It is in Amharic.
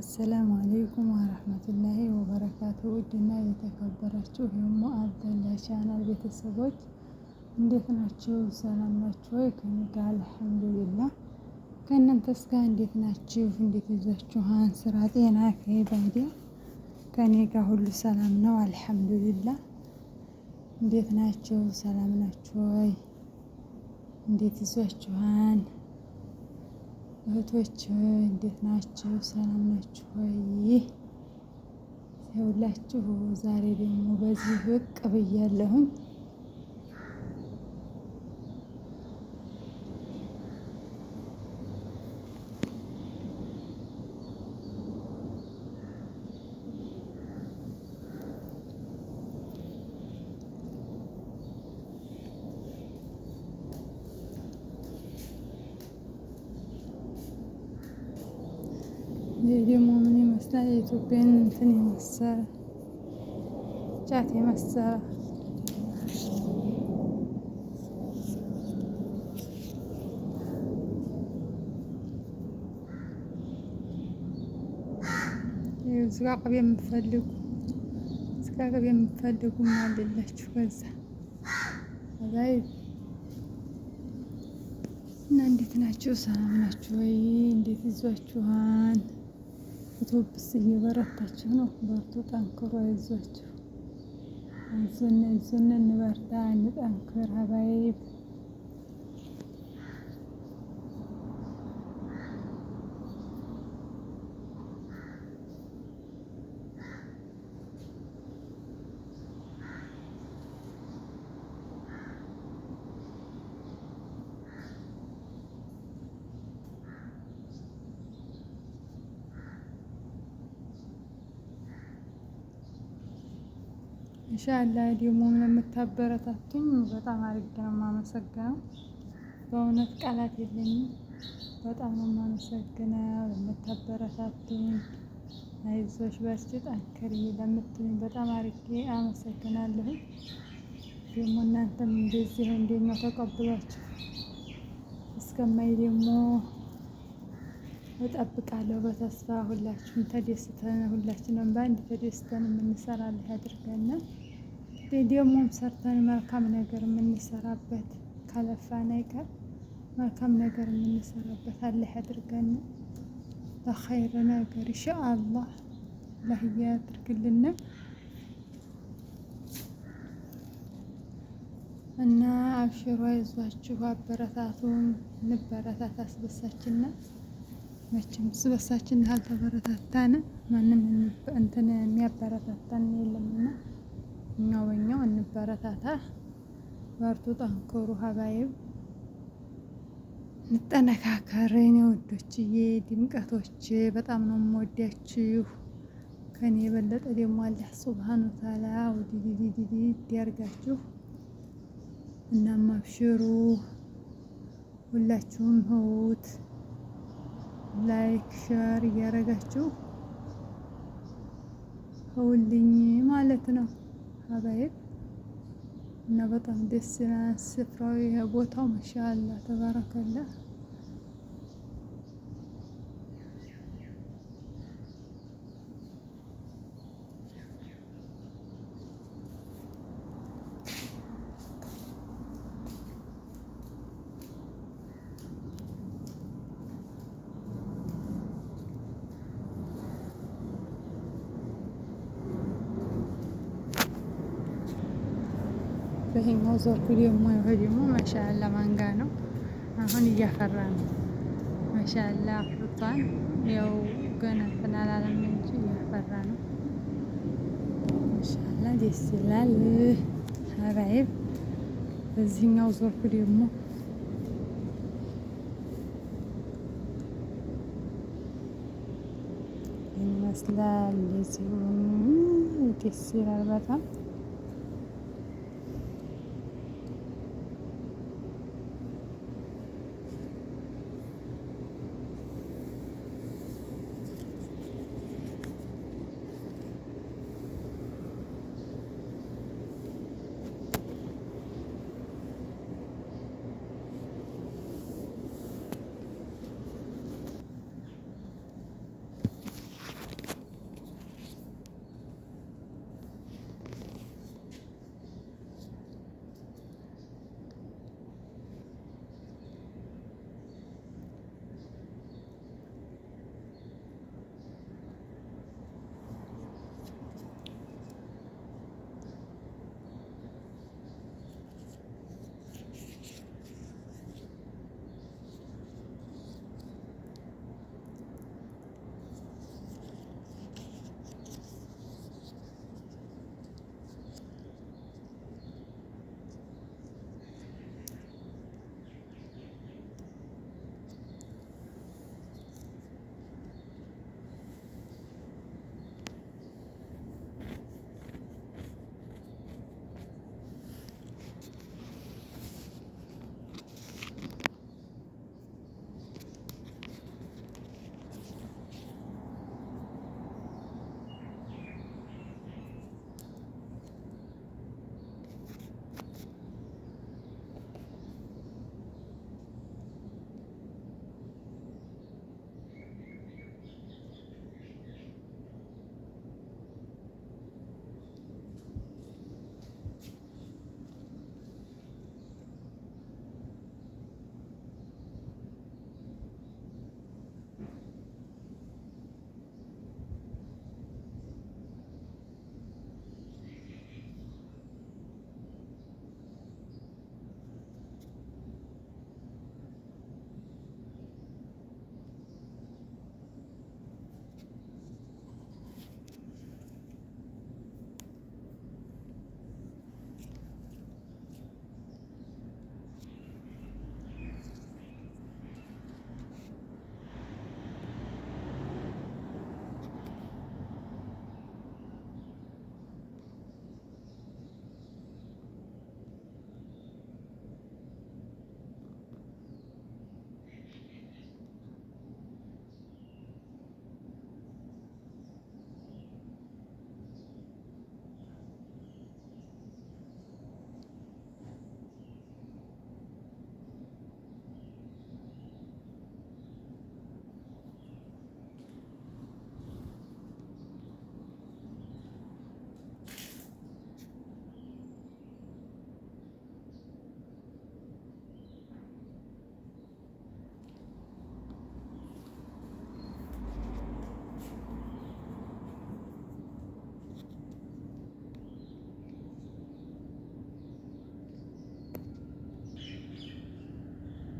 አሰላሙ አሌይኩም ወረህመቱላሂ ወበረካቱ። ውድና የተከበራችሁ የሞ አብደላ ቻናል ቤተሰቦች እንዴት ናችሁ? ሰላም ናችሁ ወይ? ከእኔ ጋር አልሐምዱሊላ ከእናንተስ ጋር እንዴት ናችሁ? እንዴት ይዛችኋን? ስራ፣ ጤና ከይባዲ ከእኔ ጋር ሁሉ ሰላም ነው አልሐምዱሊላህ። እንዴት ናችሁ? ሰላም ናችሁ ወይ? እንዴት ይዟችኋን? እህቶች እንዴት ናችሁ? ሰላም ናችሁ ወይ? ይኸውላችሁ ዛሬ ደግሞ በዚህ ብቅ ብያለሁኝ። የደሞምን ይመስላል የኢትዮጵያን እንትን የመሰለ ጫት የመሰለ ስጋ ቅቤ የምትፈልጉ ስጋ ቅቤ የምትፈልጉ ማለላችሁ በዛ ከዛይ እና እንዴት ናችሁ? ሰላም ናችሁ ወይ? እንዴት ይዟችኋል? ኢትዮፕስ እየበረታችሁ ነው። በርቱ፣ ጠንክሮ አይዟችሁ። አይዞን አይዞን፣ እንበርታ፣ እንጠንክር ሀባይብ ኢንሻላህ ደግሞ የምታበረታቱኝ በጣም አድርጌ ነው የማመሰግነው። በእውነት ቃላት የለኝም። በጣም ነው የማመሰግነው ለምታበረታቱኝ፣ አይዞሽ በርቺ፣ ጠንክሪ ለምትሉኝ በጣም አድርጌ አመሰግናለሁ። ደግሞ እናንተም እንደዚህ እንደኛ ተቀብሏችሁ እስከማይ ደግሞ እጠብቃለሁ በተስፋ ሁላችሁም ተደስተን ሁላችንም በአንድ ተደስተን የምንሰራልህ ያድርገናል። ደግሞም ሰርተን መልካም ነገር የምንሰራበት ካለፋን አይቀር መልካም ነገር የምንሰራበት አላህ ያድርገን። በኸይር ነገር ኢንሻአላህ አላህ ያድርግልን እና አብሽሯ ይዟችሁ አበረታቱን። እንበረታታ ስበሳችንና መቼም ስበሳችን ካልተበረታታን ማንም እንትን የሚያበረታታን የለምና እኛው እንበረታታ። በርቱ፣ ጠንክሩ፣ ሀባይም እንጠነካከር። እኔ ወዶችዬ ድምቀቶች በጣም ነው የምወዳችሁ። ከኔ የበለጠ ደግሞ አላህ ሱብሃነ ወተዓላ ወዲዲዲዲዲ ያርጋችሁ። እናም አብሽሩ ሁላችሁም ህውት ላይክ ሸር እያረጋችሁ ህውልኝ ማለት ነው። ሀባይብ እና በጣም ደስ ስፍራዊ ቦታው ማሻአላ ተባረከላ ይሄኛው ዘርኩ ደግሞ ይሄ ደግሞ ማሻአላ ማንጋ ነው። አሁን እያፈራ ነው። ማሻአላ አፍርቷል። ያው ገና ተናላለም እንጂ እያፈራ ነው። ማሻአላ ደስ ይላል። ሀባይብ በዚህኛው ዘርኩ ደግሞ ይመስላል። ለዚህ ደስ ይላል በጣም